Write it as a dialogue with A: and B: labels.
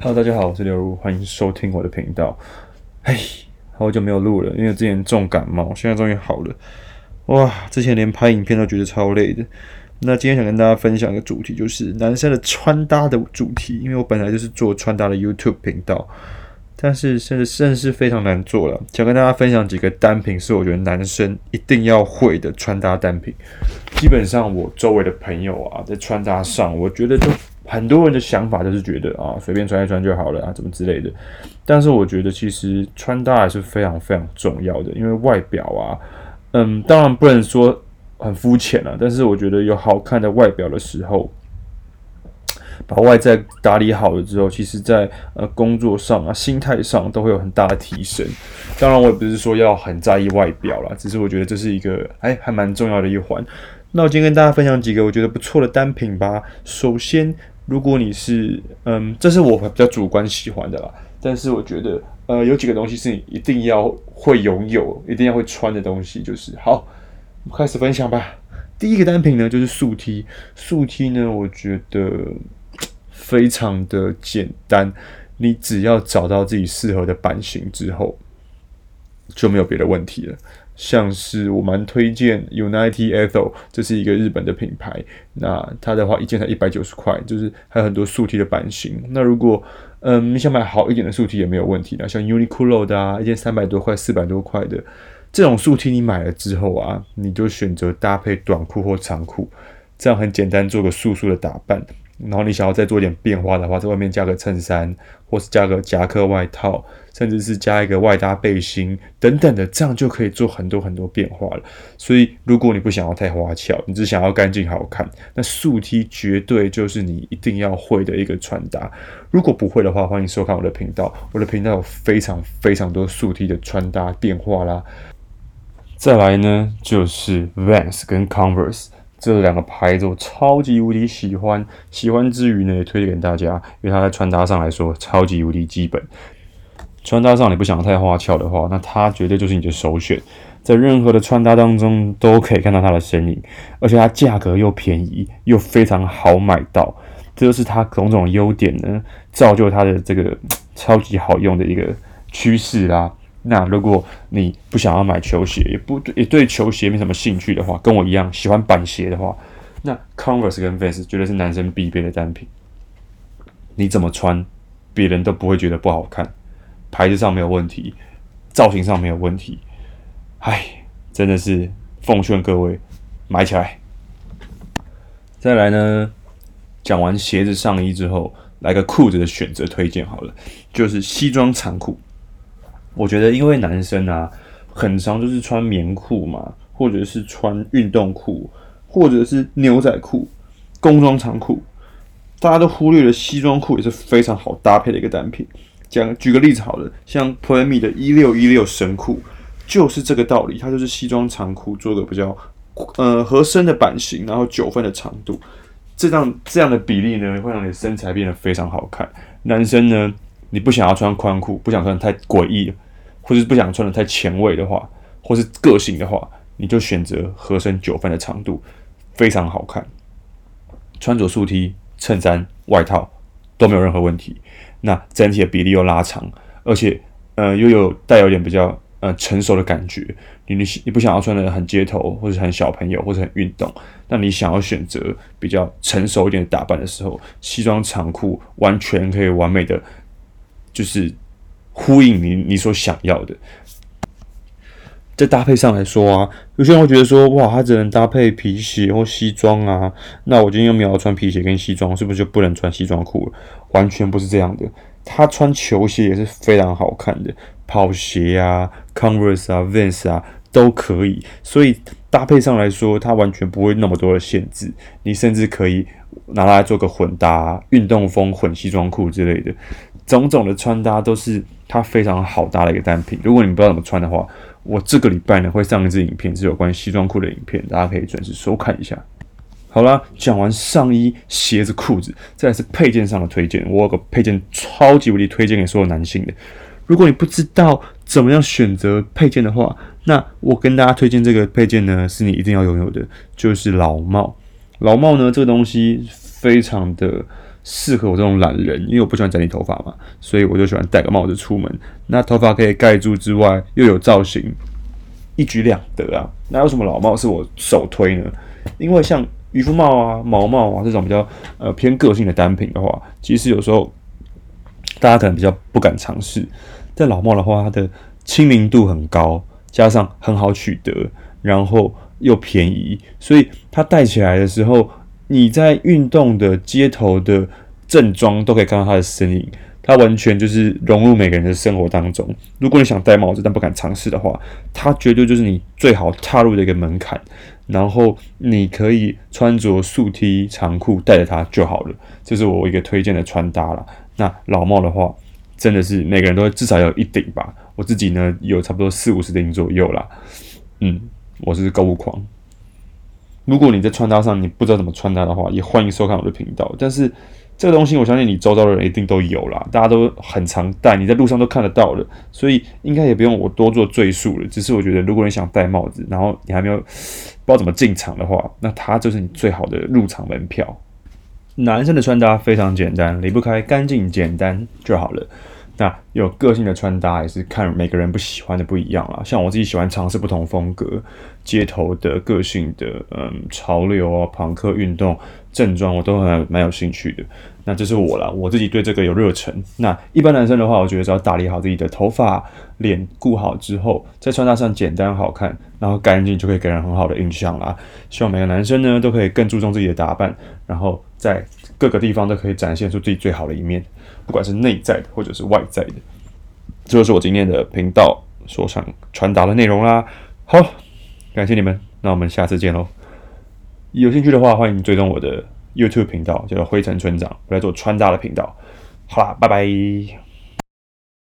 A: Hello，大家好，我是劉如，歡迎收聽我的頻道。哎，好久沒有錄了，因為之前重感冒，現在終於好了。哇，之前連拍影片都覺得超累的。那今天想跟大家分享一個主題，就是男生的穿搭的主題，因為我本來就是做穿搭的 YouTube 頻道，但是現在真的是非常難做了。想跟大家分享幾個單品，是我覺得男生一定要會的穿搭單品。基本上我周圍的朋友啊，在穿搭上，我覺得就。很多人的想法都是覺得啊，隨便穿一穿就好了啊，怎麼之類的。但是我覺得其實穿搭還是非常非常重要的，因為外表啊，嗯，當然不能說很膚淺了。但是我覺得有好看的外表的時候，把外在打理好了之後，其實在呃工作上啊、心態上都會有很大的提升。當然，我也不是說要很在意外表啦，只是我覺得這是一個哎、欸、還蠻重要的一環。那我今天跟大家分享幾個我覺得不錯的單品吧。首先。如果你是，嗯，這是我比較主觀喜歡的啦。但是我覺得，呃，有幾個東西是你一定要會擁有、一定要會穿的東西，就是好，我們開始分享吧。第一個單品呢，就是素 T，素 T 呢，我覺得非常的簡單，你只要找到自己適合的版型之後。就沒有別的問題了。像是我蠻推薦 United Ethel，這是一個日本的品牌。那它的話一件才一百九十塊，就是還有很多素 T 的版型。那如果嗯你想買好一點的素 T 也沒有問題的，像 Uniqlo 的啊，一件三百多塊、四百多塊的這種素 T，你買了之後啊，你就選擇搭配短褲或長褲，這樣很簡單做個素素的打扮。然後你想要再做一點變化的話，在外面加個襯衫，或是加個夾克外套，甚至是加一個外搭背心等等的，這樣就可以做很多很多變化了。所以，如果你不想要太花俏，你只想要乾淨好看，那素 T 絕對就是你一定要會的一個穿搭。如果不會的話，歡迎收看我的頻道，我的頻道有非常非常多素 T 的穿搭變化啦。再來呢，就是 Vans 跟 Converse。這兩個牌子我超級無敵喜歡，喜歡之餘呢，也推薦給大家，因為它在穿搭上來說超級無敵基本。穿搭上你不想太花俏的話，那它絕對就是你的首選，在任何的穿搭當中都可以看到它的身影，而且它價格又便宜，又非常好買到，這就是它種種優點呢，造就它的這個超級好用的一個趨勢啦。那如果你不想要買球鞋，也不，也對球鞋沒什麼興趣的話，跟我一樣喜歡板鞋的話，那 Converse 跟 Vans 絕對是男生必備的單品。你怎麼穿，別人都不會覺得不好看，牌子上沒有問題，造型上沒有問題。唉，真的是奉勸各位買起來。再來呢，講完鞋子、上衣之後，來個褲子的選擇推薦好了，就是西裝長褲。我覺得，因為男生啊，很常就是穿棉褲嘛，或者是穿運動褲，或者是牛仔褲、工裝長褲，大家都忽略了西裝褲也是非常好搭配的一個單品。講，舉個例子好了，像 Premi 的一六一六神褲，就是這個道理，它就是西裝長褲，做個比較呃合身的版型，然後九分的長度，這樣這樣的比例呢，會讓你的身材變得非常好看。男生呢，你不想要穿寬褲，不想穿太詭異了。或是不想穿得太前衛的話，或是個性的話，你就選擇合身九分的長度，非常好看。穿着素 T、襯衫、外套都沒有任何問題。那整體的比例又拉長，而且呃又有帶有點比較呃成熟的感覺。你你你不想要穿得很街頭，或者很小朋友，或者很運動，那你想要選擇比較成熟一點的打扮的時候，西裝長褲完全可以完美的就是。呼應你你所想要的，在搭配上來說啊，有些人會覺得說，哇，它只能搭配皮鞋或西裝啊，那我今天又沒有要穿皮鞋跟西裝，是不是就不能穿西裝褲了？完全不是這樣的，他穿球鞋也是非常好看的，跑鞋啊、Converse 啊、Vans 啊都可以。所以搭配上來說，它完全不會那麼多的限制，你甚至可以拿來做個混搭啊，運動風混西裝褲之類的。種種的穿搭都是它非常好搭的一個單品。如果你不知道怎麼穿的話，我這個禮拜呢，會上一支影片，是有關西裝褲的影片，大家可以準時收看一下。好啦，講完上衣、鞋子、褲子，再來是配件上的推薦。我有個配件超級無敵推薦給所有男性的。如果你不知道怎麼樣選擇配件的話，那我跟大家推薦這個配件呢，是你一定要擁有的，就是老帽。老帽呢，這個東西非常的。適合我這種懶人，因為我不喜歡整理頭髮嘛，所以我就喜歡戴個帽子出門。那頭髮可以蓋住之外，又有造型，一舉兩得啊！那為什麼老帽是我首推呢？因為像漁夫帽啊、毛帽啊這種比較呃偏個性的單品的話，其實有時候大家可能比較不敢嘗試。但老帽的話，它的親民度很高，加上很好取得，然後又便宜，所以它戴起來的時候。你在運動的街頭的正裝都可以看到它的身影，它完全就是融入每個人的生活當中。如果你想戴帽子，但不敢嘗試的話，它絕對就是你最好踏入的一個門檻。然後你可以穿着素 T 長褲，戴着它就好了，這是我一個推薦的穿搭啦。那老帽的話，真的是每個人都至少有一頂吧？我自己呢，有差不多四五十頂左右啦，嗯，我是購物狂。如果你在穿搭上你不知道怎麼穿搭的話，也歡迎收看我的頻道。但是這個東西我相信你周遭的人一定都有啦，大家都很常戴，你在路上都看得到的，所以應該也不用我多做贅述了。只是我覺得，如果你想戴帽子，然後你還沒有不知道怎麼進場的話，那它就是你最好的入場門票。男生的穿搭非常簡單，離不開乾淨簡單就好了。那有個性的穿搭也是看每個人不喜歡的不一樣啦。像我自己喜歡嘗試不同風格。街頭的個性的嗯潮流啊，朋克、運動、正裝，我都很蠻有興趣的。那這是我啦，我自己對這個有熱忱。那一般男生的話，我覺得只要打理好自己的頭髮、臉顧好之後，在穿搭上簡單好看，然後乾淨，就可以給人很好的印象啦。希望每個男生呢都可以更注重自己的打扮，然後在各個地方都可以展現出自己最好的一面，不管是內在的或者是外在的。這就是我今天的頻道所想傳達的內容啦。好。感謝你們，那我們下次見嘍！有興趣的話，歡迎追蹤我的 YouTube 頻道，叫做“灰塵村長”，我來做穿搭的頻道。好啦，拜拜。